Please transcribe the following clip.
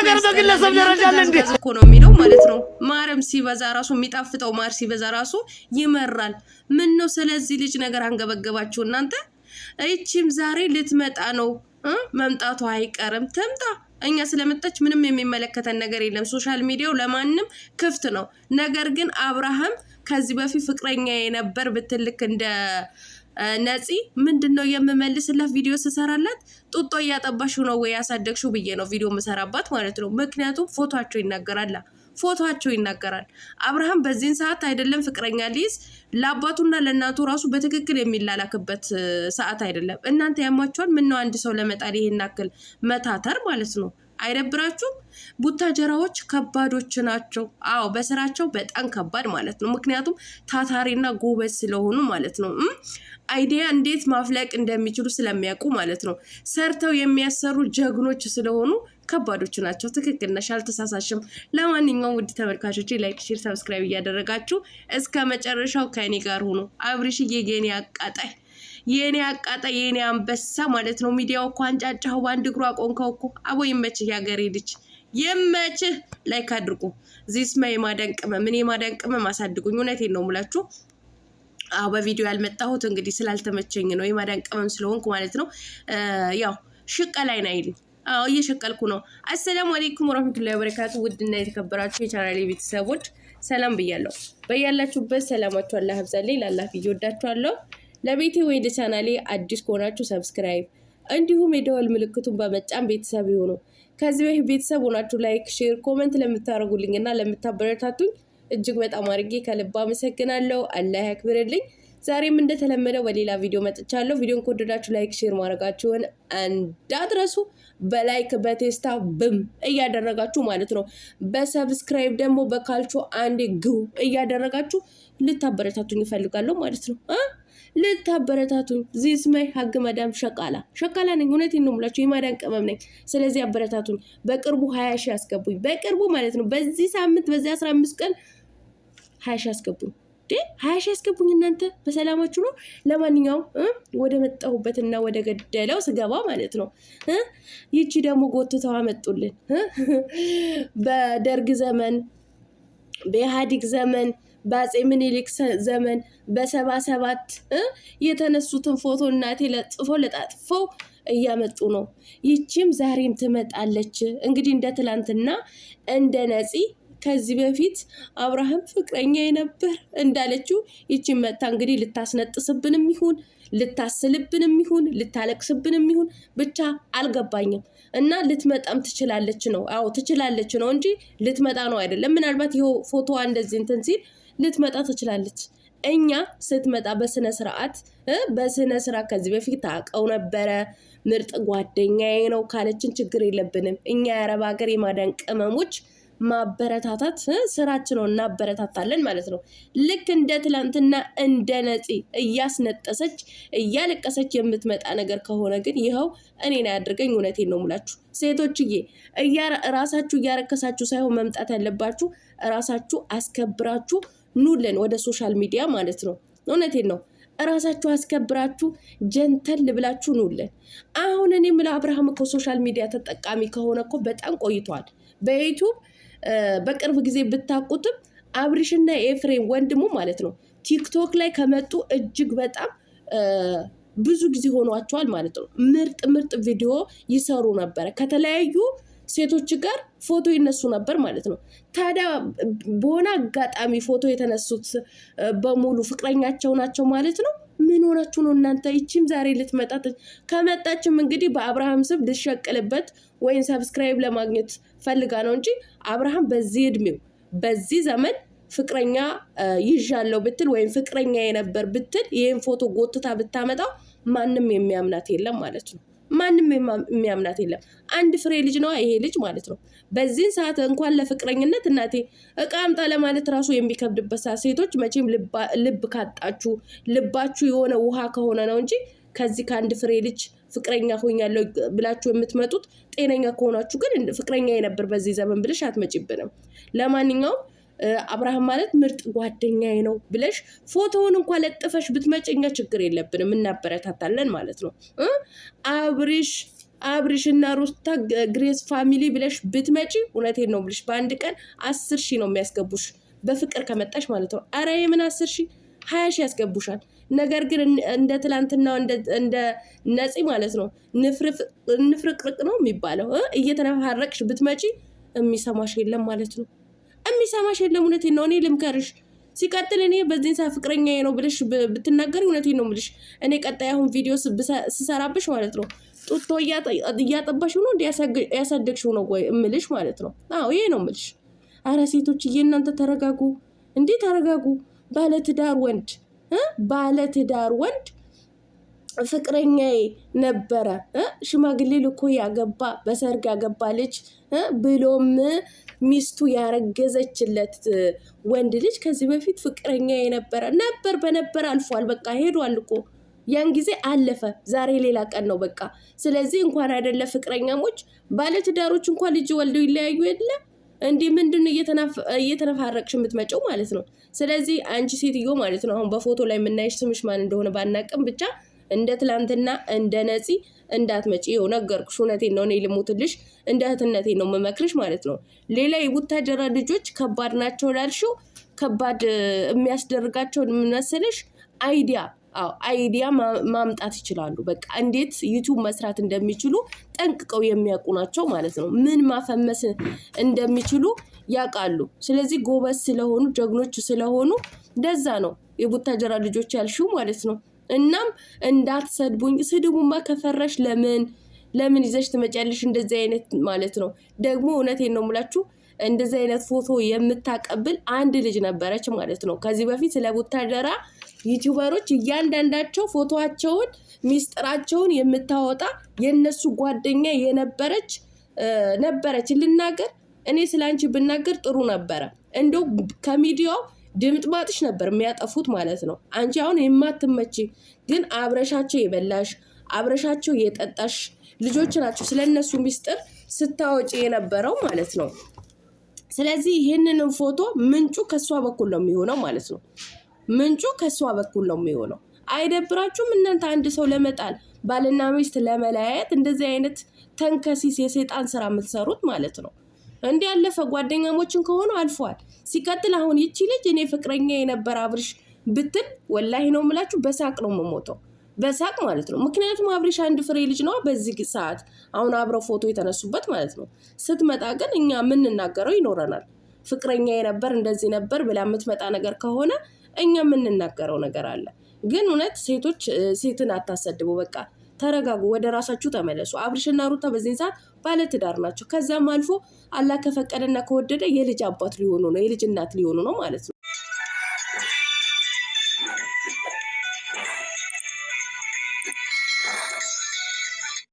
ነገር በግለሰብ ደረጃ እኮ ነው የሚለው ማለት ነው። ማርም ሲበዛ ራሱ የሚጣፍጠው ማር ሲበዛ ራሱ ይመራል። ምን ነው ስለዚህ ልጅ ነገር አንገበገባችሁ እናንተ። ይቺም ዛሬ ልትመጣ ነው፣ መምጣቷ አይቀርም። ትምጣ። እኛ ስለመጣች ምንም የሚመለከተን ነገር የለም። ሶሻል ሚዲያው ለማንም ክፍት ነው። ነገር ግን አብርሃም ከዚህ በፊት ፍቅረኛ የነበር ብትልክ እንደ ነፂ ምንድን ነው የምመልስላት ቪዲዮ ስሰራለት ጡጦ እያጠባሽው ነው ወይ ያሳደግሽው ብዬ ነው ቪዲዮ የምሰራባት ማለት ነው። ምክንያቱም ፎቷቸው ይናገራል ፎቷቸው ይናገራል። አብርሃም በዚህን ሰዓት አይደለም ፍቅረኛ ሊይዝ ለአባቱና ለእናቱ ራሱ በትክክል የሚላላክበት ሰዓት አይደለም። እናንተ ያሟቸዋል። ምነው አንድ ሰው ለመጣል ይሄን ያክል መታተር ማለት ነው። አይደብራችሁም? ቡታጀራዎች ከባዶች ናቸው። አዎ በስራቸው በጣም ከባድ ማለት ነው። ምክንያቱም ታታሪና ጎበዝ ስለሆኑ ማለት ነው። አይዲያ እንዴት ማፍለቅ እንደሚችሉ ስለሚያውቁ ማለት ነው። ሰርተው የሚያሰሩ ጀግኖች ስለሆኑ ከባዶች ናቸው። ትክክል ነሽ፣ አልተሳሳሽም። ለማንኛውም ውድ ተመልካቾች ላይክ፣ ሼር፣ ሰብስክራይብ እያደረጋችሁ እስከ መጨረሻው ከእኔ ጋር ሁኑ። አብሪሽዬ የኔ አቃጣይ የኔ አቃጣ የኔ አንበሳ ማለት ነው። ሚዲያው እኮ አንጫጫኸው በአንድ እግሩ አቆንከው እኮ። አቦ ይመችህ፣ ያገሬ ልጅ ይመችህ። ላይክ አድርጉ። ዚስማ የማዳን ቅመም እኔ የማዳን ቅመም አሳድጉኝ። እውነቴን ነው ሙላችሁ አሁ በቪዲዮ ያልመጣሁት እንግዲህ ስላልተመቸኝ ነው። የማዳን ቅመም ስለሆንኩ ማለት ነው። ያው ሽቀላይን አይልኝ አዎ እየሸቀልኩ ነው። አሰላሙ አሌይኩም ወረህመቱላሂ ወበረካቱ። ውድና የተከበራችሁ የቻናሌ ቤተሰቦች ሰላም ብያለሁ። በያላችሁበት ሰላማችሁ አላህ ያብዛልኝ። ላላፍ እየወዳችኋለሁ። ለቤቴ ወይ ለቻናሌ አዲስ ከሆናችሁ ሰብስክራይብ እንዲሁም የደወል ምልክቱን በመጫን ቤተሰብ ይሁኑ። ከዚህ በፊት ቤተሰብ ሆናችሁ ላይክ፣ ሼር፣ ኮመንት ለምታደርጉልኝ እና ለምታበረታቱኝ እጅግ በጣም አድርጌ ከልብ አመሰግናለሁ። አላህ ያክብርልኝ። ዛሬም እንደተለመደው በሌላ ቪዲዮ መጥቻለሁ። ቪዲዮን ከወደዳችሁ ላይክ፣ ሼር ማድረጋችሁን እንዳትረሱ። በላይክ በቴስታ ብም እያደረጋችሁ ማለት ነው። በሰብስክራይብ ደግሞ በካልቾ አንዴ ግቡ እያደረጋችሁ ልታበረታቱኝ ይፈልጋለሁ ማለት ነው። ልታበረታቱኝ ዚስማይ ሀግ መዳም ሸቃላ ሸቃላ ነኝ። እውነቴን ነው የምላችሁ የማዳን ቅመም ነኝ። ስለዚህ አበረታቱን። በቅርቡ ሀያ ሺህ አስገቡኝ። በቅርቡ ማለት ነው በዚህ ሳምንት በዚህ አስራ አምስት ቀን ሀያ ሺህ አስገቡኝ። ሀያ ሺህ አስገቡኝ። እናንተ በሰላማችሁ ነው። ለማንኛውም ወደ መጣሁበትና ወደ ገደለው ስገባ ማለት ነው። ይቺ ደግሞ ጎትተው አመጡልን በደርግ ዘመን በኢህአዴግ ዘመን በአጼ ምኒልክ ዘመን በሰባ ሰባት የተነሱትን ፎቶ እናቴ ለጥፎ ለጣጥፈው እያመጡ ነው። ይቺም ዛሬም ትመጣለች። እንግዲህ እንደ ትላንትና እንደ ነፂ ከዚህ በፊት አብርሃም ፍቅረኛ የነበር እንዳለችው ይቺም መታ እንግዲህ ልታስነጥስብንም ይሁን ልታስልብንም ይሁን ልታለቅስብንም ይሁን ብቻ አልገባኝም። እና ልትመጣም ትችላለች ነው። አዎ ትችላለች ነው እንጂ ልትመጣ ነው አይደለም። ምናልባት ይኸው ፎቶዋ እንደዚህ እንትን ሲል ልትመጣ ትችላለች። እኛ ስትመጣ በስነ ስርዓት በስነ ስርዓት ከዚህ በፊት ታቀው ነበረ። ምርጥ ጓደኛዬ ነው ካለችን ችግር የለብንም። እኛ የአረብ ሀገር የማዳን ቅመሞች ማበረታታት ስራችን ነው፣ እናበረታታለን ማለት ነው። ልክ እንደ ትላንትና እንደ ነፂ እያስነጠሰች እያለቀሰች የምትመጣ ነገር ከሆነ ግን ይኸው እኔን አያድርገኝ። እውነቴን ነው ሙላችሁ ሴቶችዬ፣ እራሳችሁ እያረከሳችሁ ሳይሆን መምጣት ያለባችሁ እራሳችሁ አስከብራችሁ ኑለን ወደ ሶሻል ሚዲያ ማለት ነው። እውነቴን ነው። እራሳችሁ አስከብራችሁ ጀንተል ብላችሁ ኑለን። አሁን እኔ ምለ አብርሃም እኮ ሶሻል ሚዲያ ተጠቃሚ ከሆነ እኮ በጣም ቆይቷል በዩቱብ በቅርብ ጊዜ ብታቁትም አብሪሽና ኤፍሬም ወንድሙ ማለት ነው ቲክቶክ ላይ ከመጡ እጅግ በጣም ብዙ ጊዜ ሆኗቸዋል ማለት ነው። ምርጥ ምርጥ ቪዲዮ ይሰሩ ነበረ። ከተለያዩ ሴቶች ጋር ፎቶ ይነሱ ነበር ማለት ነው። ታዲያ በሆነ አጋጣሚ ፎቶ የተነሱት በሙሉ ፍቅረኛቸው ናቸው ማለት ነው። ምን ሆናችሁ ነው እናንተ? ይቺም ዛሬ ልትመጣ ከመጣችም እንግዲህ በአብርሃም ስም ልሸቅልበት ወይም ሰብስክራይብ ለማግኘት ፈልጋ ነው እንጂ አብርሃም በዚህ እድሜው በዚህ ዘመን ፍቅረኛ ይዣለው ብትል ወይም ፍቅረኛ የነበር ብትል ይህን ፎቶ ጎትታ ብታመጣው ማንም የሚያምናት የለም ማለት ነው። ማንም የሚያምናት የለም። አንድ ፍሬ ልጅ ነዋ ይሄ ልጅ ማለት ነው። በዚህን ሰዓት እንኳን ለፍቅረኝነት እናቴ እቃ አምጣ ለማለት ራሱ የሚከብድበት ሰዓት፣ ሴቶች መቼም ልብ ካጣችሁ ልባችሁ የሆነ ውሃ ከሆነ ነው እንጂ ከዚህ ከአንድ ፍሬ ልጅ ፍቅረኛ ሆኛለሁ ብላችሁ የምትመጡት ጤነኛ ከሆናችሁ ግን ፍቅረኛ የነበር በዚህ ዘመን ብልሽ አትመጪብንም። ለማንኛውም አብርሃም ማለት ምርጥ ጓደኛዬ ነው ብለሽ ፎቶውን እንኳ ለጥፈሽ ብትመጭ እኛ ችግር የለብንም እናበረታታለን ማለት ነው። አብሪሽ አብሪሽ እና ሩታ ግሬስ ፋሚሊ ብለሽ ብትመጪ እውነቴን ነው ብለሽ በአንድ ቀን አስር ሺህ ነው የሚያስገቡሽ በፍቅር ከመጣሽ ማለት ነው። አረ የምን አስር ሺህ ሀያ ሺህ ያስገቡሻል። ነገር ግን እንደ ትላንትና እንደ ነፂ ማለት ነው ንፍርቅርቅ ነው የሚባለው እየተነፋረቅሽ ብትመጪ የሚሰማሽ የለም ማለት ነው። የሚሰማሽ የለም። እውነቴን ነው። እኔ ልምከርሽ። ሲቀጥል እኔ በዚህ ሰዓት ፍቅረኛ ነው ብለሽ ብትናገር እውነቴን ነው የምልሽ። እኔ ቀጣይ አሁን ቪዲዮ ስሰራብሽ ማለት ነው ጡቶ እያጠባሽ ነው እንዲ ያሳደግሽው ነው ወይ እምልሽ ማለት ነው። አዎ ይሄ ነው ምልሽ። አረ ሴቶችዬ እናንተ ተረጋጉ፣ እንዲህ ተረጋጉ። ባለትዳር ወንድ ባለትዳር ወንድ ፍቅረኛዬ ነበረ ሽማግሌ ልኮ ያገባ በሰርግ ያገባ ልጅ ብሎም ሚስቱ ያረገዘችለት ወንድ ልጅ ከዚህ በፊት ፍቅረኛ የነበረ ነበር በነበር አልፏል። በቃ ሄዷል እኮ ያን ጊዜ አለፈ። ዛሬ ሌላ ቀን ነው በቃ። ስለዚህ እንኳን አይደለ ፍቅረኛሞች፣ ባለትዳሮች እንኳን ልጅ ወልደው ይለያዩ የለ እንዲህ ምንድን እየተነፋረቅሽ የምትመጪው ማለት ነው። ስለዚህ አንቺ ሴትዮ ማለት ነው አሁን በፎቶ ላይ የምናየሽ ስምሽ ማን እንደሆነ ባናቅም ብቻ እንደ ትላንትና እንደ ነፂ እንዳትመጪ ይኸው ነገርኩሽ። እውነቴን ነው። እኔ ልሙትልሽ እንደ እህትነቴ ነው የምመክርሽ ማለት ነው። ሌላ የቡታጀራ ልጆች ከባድ ናቸው ላልሽው ከባድ የሚያስደርጋቸው የምመስልሽ አይዲያ አዎ አይዲያ ማምጣት ይችላሉ። በቃ እንዴት ዩቱብ መስራት እንደሚችሉ ጠንቅቀው የሚያውቁ ናቸው ማለት ነው። ምን ማፈመስ እንደሚችሉ ያውቃሉ። ስለዚህ ጎበዝ ስለሆኑ ጀግኖች ስለሆኑ ለዛ ነው የቡታጀራ ልጆች ያልሽው ማለት ነው። እናም እንዳትሰድቡኝ። ስድቡማ ከፈረሽ ለምን ለምን ይዘሽ ትመጫለሽ? እንደዚህ አይነት ማለት ነው። ደግሞ እውነቴን ነው የምላችሁ እንደዚህ አይነት ፎቶ የምታቀብል አንድ ልጅ ነበረች ማለት ነው። ከዚህ በፊት ስለ ቡታደራ ዩቲዩበሮች እያንዳንዳቸው ፎቶቸውን ሚስጥራቸውን የምታወጣ የነሱ ጓደኛ የነበረች ነበረች። ልናገር እኔ ስለ አንቺ ብናገር ጥሩ ነበረ እንደው ከሚዲያው ድምጥማጥሽ ነበር የሚያጠፉት ማለት ነው። አንቺ አሁን የማትመች ግን አብረሻቸው የበላሽ አብረሻቸው የጠጣሽ ልጆች ናቸው ስለነሱ ሚስጥር ስታወጪ የነበረው ማለት ነው። ስለዚህ ይህንንም ፎቶ ምንጩ ከእሷ በኩል ነው የሚሆነው ማለት ነው። ምንጩ ከእሷ በኩል ነው የሚሆነው። አይደብራችሁም እናንተ? አንድ ሰው ለመጣል ባልና ሚስት ለመለያየት እንደዚህ አይነት ተንከሲስ የሰይጣን ስራ የምትሰሩት ማለት ነው። እንዲ ያለፈ ጓደኛሞችን ከሆኑ አልፏል። ሲቀጥል አሁን ይቺ ልጅ እኔ ፍቅረኛ የነበረ አብርሽ ብትል ወላሂ ነው የምላችሁ በሳቅ ነው የምሞተው፣ በሳቅ ማለት ነው። ምክንያቱም አብርሽ አንድ ፍሬ ልጅ ነዋ በዚህ ሰዓት አሁን አብረው ፎቶ የተነሱበት ማለት ነው። ስትመጣ ግን እኛ የምንናገረው ይኖረናል። ፍቅረኛ የነበር እንደዚህ ነበር ብላ የምትመጣ ነገር ከሆነ እኛ የምንናገረው ነገር አለ። ግን እውነት ሴቶች ሴትን አታሰድቡ በቃ ተረጋጉ፣ ወደ ራሳችሁ ተመለሱ። አብርሽና ሩታ በዚህን ሰዓት ባለትዳር ናቸው። ከዛም አልፎ አላህ ከፈቀደና ከወደደ የልጅ አባት ሊሆኑ ነው፣ የልጅ እናት ሊሆኑ ነው ማለት ነው።